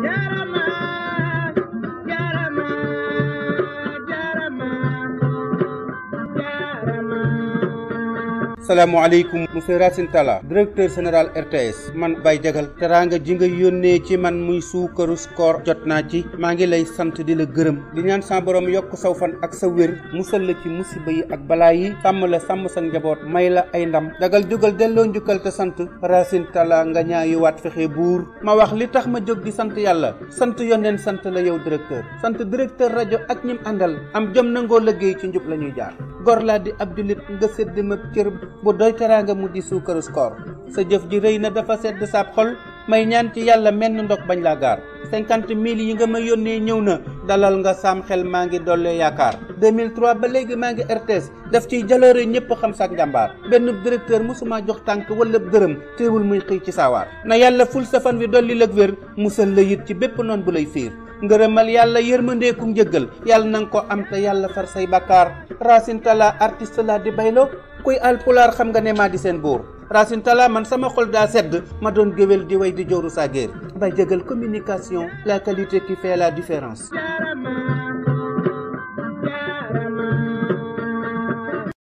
Yeah. salaamaaleykum monsieur Racine Talla directeur général RTS man bay Jagal teraanga ji nga yónnee ci man muy suukaru koor jot naa ci maa ngi lay sant di la gërëm di ñaan saa borom yokk saw fan ak sa wér musal la ci musiba yi ak balaa yi sàmm la sàmm sa njaboot may la ay ndam dagal jógal delloo njukkal te sant Racine Talla nga waat fexe buur ma wax li tax ma jóg di sant yàlla sant yoneen sant la yow directeur sant directeur rajo ak ñim àndal am jom nangoo liggéey ci njub la ñuy jaar gor laa di ab jullit nga sedd ma cër bu doy teraanga mu di suukaru koor sa jëf ji rëy na dafa sedd saab xol may ñaan ci yàlla menn ndox bañ laa gaar cinquante mille yi nga ma yónnee ñëw na dalal nga saam xel maa ngi dollee yaakaar 2003 ba léegi maa ngi RTS daf ciy jaloore ñëpp xam saak njàmbaar benn directeur mosuma jox tànk walla gërëm téewul muy xëy ci saawaar na yàlla ful sa fan wi dolli la wér musal la yit ci bépp noon bu lay fiir ngërëmal yàlla yërmandeeku njëggal yàlla na nga ko am te yàlla far say bakkaar Racine Talla artiste la di baylo kuy alpulaar xam nga ne maa di seen buur Racine man sama xol daa sedd ma doon géwél di way di jooru saa géer bay jëgal communication la qualité qui fait la différence